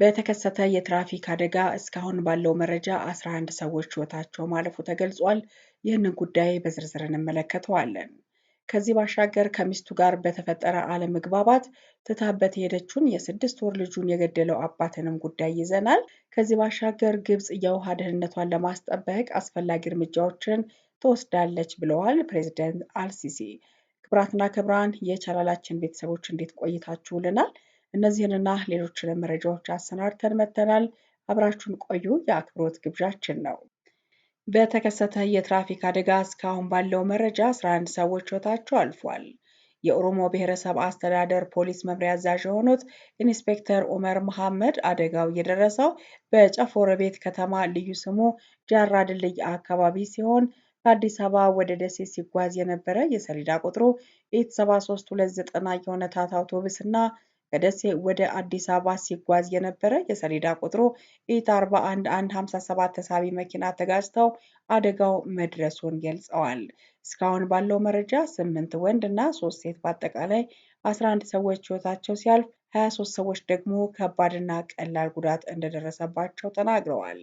በተከሰተ የትራፊክ አደጋ እስካሁን ባለው መረጃ 11 ሰዎች ህይወታቸው ማለፉ ተገልጿል። ይህንን ጉዳይ በዝርዝር እንመለከተዋለን። ከዚህ ባሻገር ከሚስቱ ጋር በተፈጠረ አለመግባባት ትታበት የሄደችውን የስድስት ወር ልጁን የገደለው አባትንም ጉዳይ ይዘናል። ከዚህ ባሻገር ግብፅ የውሃ ደህንነቷን ለማስጠበቅ አስፈላጊ እርምጃዎችን ትወስዳለች ብለዋል ፕሬዚደንት አልሲሲ። ክብራትና ክብራን የቻናላችን ቤተሰቦች እንዴት ቆይታችሁልናል? እነዚህንና ሌሎችን መረጃዎች አሰናድተን መጥተናል። አብራችሁን ቆዩ የአክብሮት ግብዣችን ነው። በተከሰተ የትራፊክ አደጋ እስካሁን ባለው መረጃ 11 ሰዎች ሕይወታቸው አልፏል። የኦሮሞ ብሔረሰብ አስተዳደር ፖሊስ መምሪያ አዛዥ የሆኑት ኢንስፔክተር ኡመር መሐመድ አደጋው የደረሰው በጨፎረ ቤት ከተማ ልዩ ስሙ ጃራ ድልድይ አካባቢ ሲሆን ከአዲስ አበባ ወደ ደሴ ሲጓዝ የነበረ የሰሌዳ ቁጥሩ ኢት 7329 የሆነ ታታ አውቶቡስ እና ከደሴ ወደ አዲስ አበባ ሲጓዝ የነበረ የሰሌዳ ቁጥሩ ኢት 41157 ተሳቢ መኪና ተጋጭተው አደጋው መድረሱን ገልጸዋል። እስካሁን ባለው መረጃ ስምንት ወንድ እና ሶስት ሴት በአጠቃላይ 11 ሰዎች ህይወታቸው ሲያልፍ 23 ሰዎች ደግሞ ከባድና ቀላል ጉዳት እንደደረሰባቸው ተናግረዋል።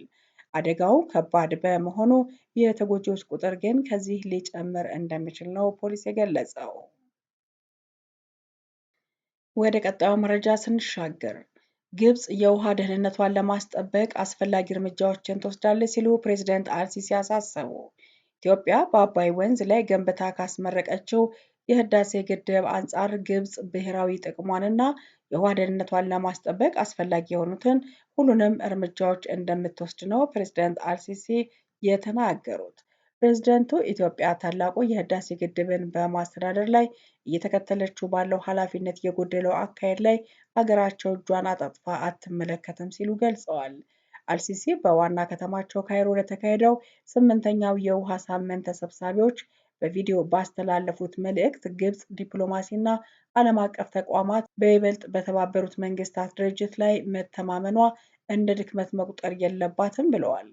አደጋው ከባድ በመሆኑ የተጎጂዎች ቁጥር ግን ከዚህ ሊጨምር እንደሚችል ነው ፖሊስ የገለጸው። ወደ ቀጣዩ መረጃ ስንሻገር ግብጽ የውሃ ደህንነቷን ለማስጠበቅ አስፈላጊ እርምጃዎችን ትወስዳለች ሲሉ ፕሬዚደንት አልሲሲ አሳሰቡ። ኢትዮጵያ በአባይ ወንዝ ላይ ገንብታ ካስመረቀችው የህዳሴ ግድብ አንጻር ግብጽ ብሔራዊ ጥቅሟንና የውሃ ደህንነቷን ለማስጠበቅ አስፈላጊ የሆኑትን ሁሉንም እርምጃዎች እንደምትወስድ ነው ፕሬዚደንት አልሲሲ የተናገሩት። ፕሬዝደንቱ ኢትዮጵያ ታላቁ የህዳሴ ግድብን በማስተዳደር ላይ እየተከተለችው ባለው ኃላፊነት የጎደለው አካሄድ ላይ ሀገራቸው እጇን አጣጥፋ አትመለከትም ሲሉ ገልጸዋል። አልሲሲ በዋና ከተማቸው ካይሮ ለተካሄደው ስምንተኛው የውሃ ሳምንት ተሰብሳቢዎች በቪዲዮ ባስተላለፉት መልእክት ግብጽ ዲፕሎማሲና ዓለም አቀፍ ተቋማት በይበልጥ በተባበሩት መንግስታት ድርጅት ላይ መተማመኗ እንደ ድክመት መቁጠር የለባትም ብለዋል።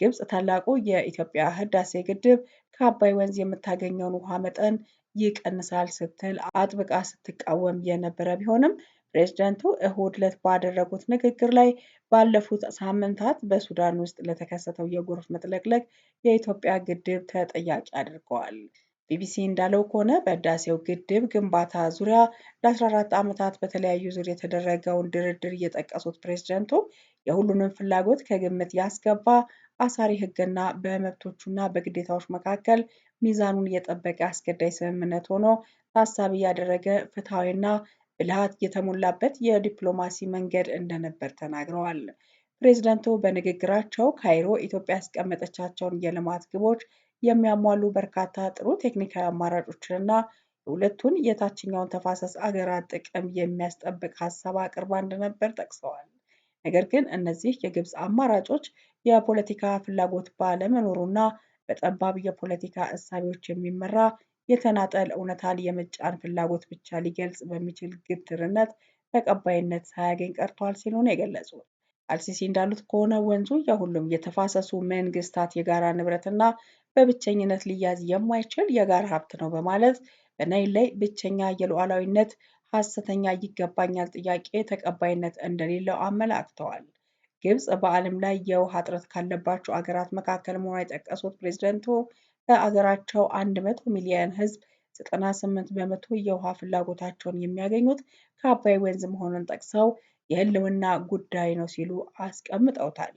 ግብጽ ታላቁ የኢትዮጵያ ህዳሴ ግድብ ከአባይ ወንዝ የምታገኘውን ውሃ መጠን ይቀንሳል ስትል አጥብቃ ስትቃወም የነበረ ቢሆንም ፕሬዝደንቱ እሁድ ዕለት ባደረጉት ንግግር ላይ ባለፉት ሳምንታት በሱዳን ውስጥ ለተከሰተው የጎርፍ መጥለቅለቅ የኢትዮጵያ ግድብ ተጠያቂ አድርገዋል። ቢቢሲ እንዳለው ከሆነ በህዳሴው ግድብ ግንባታ ዙሪያ ለ14 ዓመታት በተለያዩ ዙር የተደረገውን ድርድር የጠቀሱት ፕሬዝደንቱ የሁሉንም ፍላጎት ከግምት ያስገባ አሳሪ ሕግና በመብቶቹና በግዴታዎች መካከል ሚዛኑን የጠበቀ አስገዳይ ስምምነት ሆኖ ታሳቢ ያደረገ ፍትሐዊና ብልሃት የተሞላበት የዲፕሎማሲ መንገድ እንደነበር ተናግረዋል። ፕሬዝደንቱ በንግግራቸው ካይሮ ኢትዮጵያ ያስቀመጠቻቸውን የልማት ግቦች የሚያሟሉ በርካታ ጥሩ ቴክኒካዊ አማራጮችንና የሁለቱን የታችኛውን ተፋሰስ አገራት ጥቅም የሚያስጠብቅ ሀሳብ አቅርባ እንደነበር ጠቅሰዋል። ነገር ግን እነዚህ የግብፅ አማራጮች የፖለቲካ ፍላጎት ባለመኖሩና በጠባብ የፖለቲካ እሳቢዎች የሚመራ የተናጠል እውነታን የመጫን ፍላጎት ብቻ ሊገልጽ በሚችል ግትርነት ተቀባይነት ሳያገኝ ቀርቷል ሲሉ ነው የገለጹት። አልሲሲ እንዳሉት ከሆነ ወንዙ የሁሉም የተፋሰሱ መንግስታት የጋራ ንብረትና በብቸኝነት ሊያዝ የማይችል የጋራ ሀብት ነው በማለት በናይል ላይ ብቸኛ የሉዓላዊነት ሐሰተኛ ይገባኛል ጥያቄ ተቀባይነት እንደሌለው አመላክተዋል። ግብጽ በዓለም ላይ የውሃ እጥረት ካለባቸው አገራት መካከል መሆኗን የጠቀሱት ፕሬዝደንቱ በአገራቸው 100 ሚሊዮን ሕዝብ 98 በመቶ የውሃ ፍላጎታቸውን የሚያገኙት ከአባይ ወንዝ መሆኑን ጠቅሰው የህልውና ጉዳይ ነው ሲሉ አስቀምጠውታል።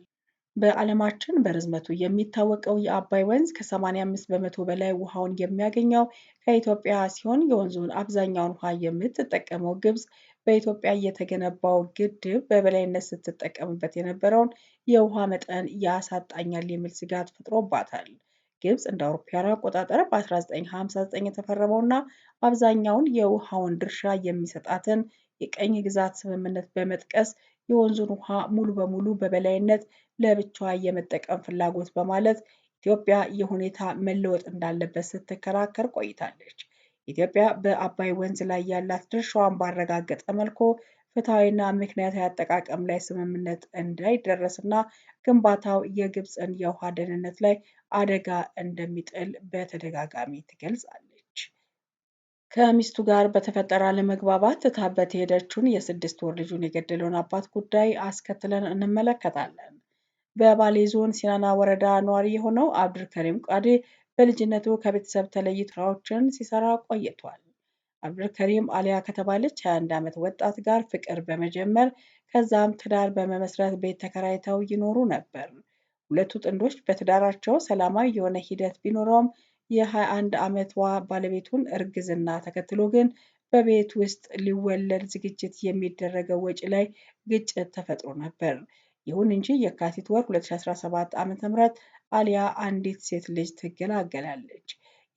በዓለማችን በርዝመቱ የሚታወቀው የአባይ ወንዝ ከ85 በመቶ በላይ ውሃውን የሚያገኘው ከኢትዮጵያ ሲሆን የወንዙን አብዛኛውን ውሃ የምትጠቀመው ግብጽ በኢትዮጵያ የተገነባው ግድብ በበላይነት ስትጠቀምበት የነበረውን የውሃ መጠን ያሳጣኛል የሚል ስጋት ፈጥሮባታል። ግብጽ እንደ አውሮፓውያን አቆጣጠር በ1959 የተፈረመውና አብዛኛውን የውሃውን ድርሻ የሚሰጣትን የቀኝ ግዛት ስምምነት በመጥቀስ የወንዙን ውሃ ሙሉ በሙሉ በበላይነት ለብቻዋ የመጠቀም ፍላጎት በማለት ኢትዮጵያ የሁኔታ መለወጥ እንዳለበት ስትከራከር ቆይታለች። ኢትዮጵያ በአባይ ወንዝ ላይ ያላት ድርሻዋን ባረጋገጠ መልኩ ፍትሐዊና ምክንያታዊ አጠቃቀም ላይ ስምምነት እንዳይደረስና ግንባታው የግብፅን የውሃ ደህንነት ላይ አደጋ እንደሚጥል በተደጋጋሚ ትገልጻለች። ከሚስቱ ጋር በተፈጠረ አለመግባባት ትታበት የሄደችውን የስድስት ወር ልጁን የገደለውን አባት ጉዳይ አስከትለን እንመለከታለን። በባሌ ዞን ሲናና ወረዳ ነዋሪ የሆነው አብዱልከሪም ቃዴ በልጅነቱ ከቤተሰብ ተለይቶ ስራዎችን ሲሰራ ቆይቷል። አብዱልከሪም አሊያ ከተባለች 21 ዓመት ወጣት ጋር ፍቅር በመጀመር ከዛም ትዳር በመመስረት ቤት ተከራይተው ይኖሩ ነበር። ሁለቱ ጥንዶች በትዳራቸው ሰላማዊ የሆነ ሂደት ቢኖረውም የ21 ዓመቷ ባለቤቱን እርግዝና ተከትሎ ግን በቤት ውስጥ ሊወለድ ዝግጅት የሚደረገው ወጪ ላይ ግጭት ተፈጥሮ ነበር። ይሁን እንጂ የካቲት ወር 2017 ዓ.ም አሊያ አንዲት ሴት ልጅ ትገላገላለች።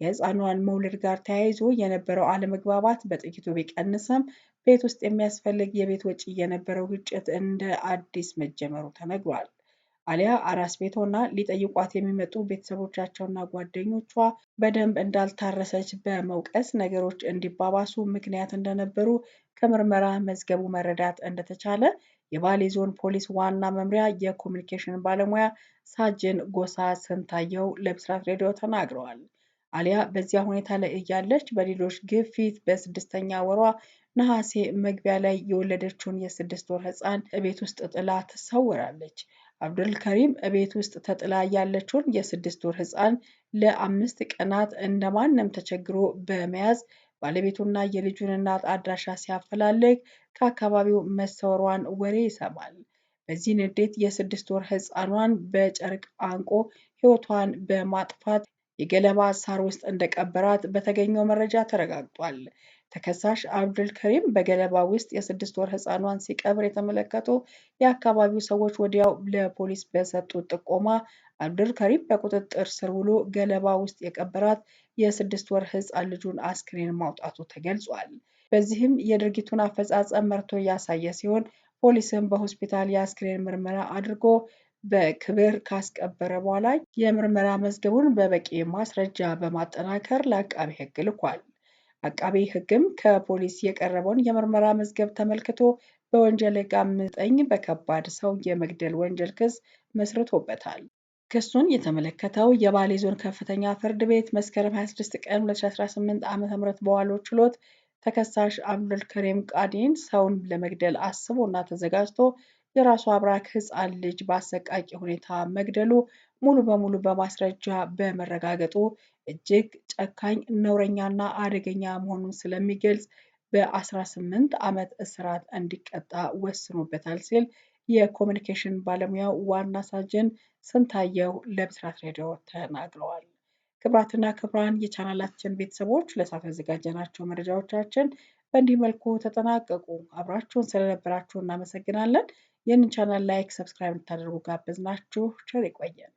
የህፃኗን መውለድ ጋር ተያይዞ የነበረው አለመግባባት በጥቂቱ ቢቀንስም ቤት ውስጥ የሚያስፈልግ የቤት ወጪ የነበረው ግጭት እንደ አዲስ መጀመሩ ተነግሯል። አሊያ አራስ ቤቷና ሊጠይቋት የሚመጡ ቤተሰቦቻቸውና ጓደኞቿ በደንብ እንዳልታረሰች በመውቀስ ነገሮች እንዲባባሱ ምክንያት እንደነበሩ ከምርመራ መዝገቡ መረዳት እንደተቻለ የባሌ ዞን ፖሊስ ዋና መምሪያ የኮሚኒኬሽን ባለሙያ ሳጅን ጎሳ ስንታየው ለብስራት ሬዲዮ ተናግረዋል። አሊያ በዚያ ሁኔታ ላይ እያለች በሌሎች ግፊት በስድስተኛ ወሯ ነሐሴ መግቢያ ላይ የወለደችውን የስድስት ወር ህፃን ቤት ውስጥ ጥላ ትሰውራለች። አብዱልከሪም እቤት ውስጥ ተጥላ ያለችውን የስድስት ወር ሕፃን ለአምስት ቀናት እንደማንም ተቸግሮ በመያዝ ባለቤቱና የልጁን እናት አድራሻ ሲያፈላልግ ከአካባቢው መሰወሯን ወሬ ይሰማል። በዚህ ንዴት የስድስት ወር ሕፃኗን በጨርቅ አንቆ ሕይወቷን በማጥፋት የገለባ ሳር ውስጥ እንደቀበራት በተገኘው መረጃ ተረጋግጧል። ተከሳሽ አብዱል ከሪም በገለባ ውስጥ የስድስት ወር ህፃኗን ሲቀብር የተመለከቱ የአካባቢው ሰዎች ወዲያው ለፖሊስ በሰጡት ጥቆማ አብዱል ከሪም በቁጥጥር ስር ውሎ ገለባ ውስጥ የቀበራት የስድስት ወር ህፃን ልጁን አስክሬን ማውጣቱ ተገልጿል። በዚህም የድርጊቱን አፈጻጸም መርቶ ያሳየ ሲሆን ፖሊስም በሆስፒታል የአስክሬን ምርመራ አድርጎ በክብር ካስቀበረ በኋላ የምርመራ መዝገቡን በበቂ ማስረጃ በማጠናከር ለአቃቢ ህግ ልኳል። አቃቤ ሕግም ከፖሊስ የቀረበውን የምርመራ መዝገብ ተመልክቶ በወንጀል ሕግ ዘጠኝ በከባድ ሰው የመግደል ወንጀል ክስ መስርቶበታል። ክሱን የተመለከተው የባሌ ዞን ከፍተኛ ፍርድ ቤት መስከረም 26 ቀን 2018 ዓ.ም በዋለው ችሎት ተከሳሽ አብዱል ከሪም ቃዲን ሰውን ለመግደል አስቦ እና ተዘጋጅቶ የራሱ አብራክ ህፃን ልጅ በአሰቃቂ ሁኔታ መግደሉ ሙሉ በሙሉ በማስረጃ በመረጋገጡ እጅግ ጨካኝ ነውረኛና አደገኛ መሆኑን ስለሚገልጽ በ18 ዓመት እስራት እንዲቀጣ ወስኖበታል ሲል የኮሚኒኬሽን ባለሙያው ዋና ሳጅን ስንታየው ለብስራት ሬዲዮ ተናግረዋል። ክብራትና ክብራን የቻናላችን ቤተሰቦች ለሳት ያዘጋጀናቸው መረጃዎቻችን በእንዲህ መልኩ ተጠናቀቁ። አብራችሁን ስለነበራችሁ እናመሰግናለን። ይህንን ቻናል ላይክ፣ ሰብስክራይብ እንድታደርጉ ጋበዝናችሁ። ቸር ይቆየን።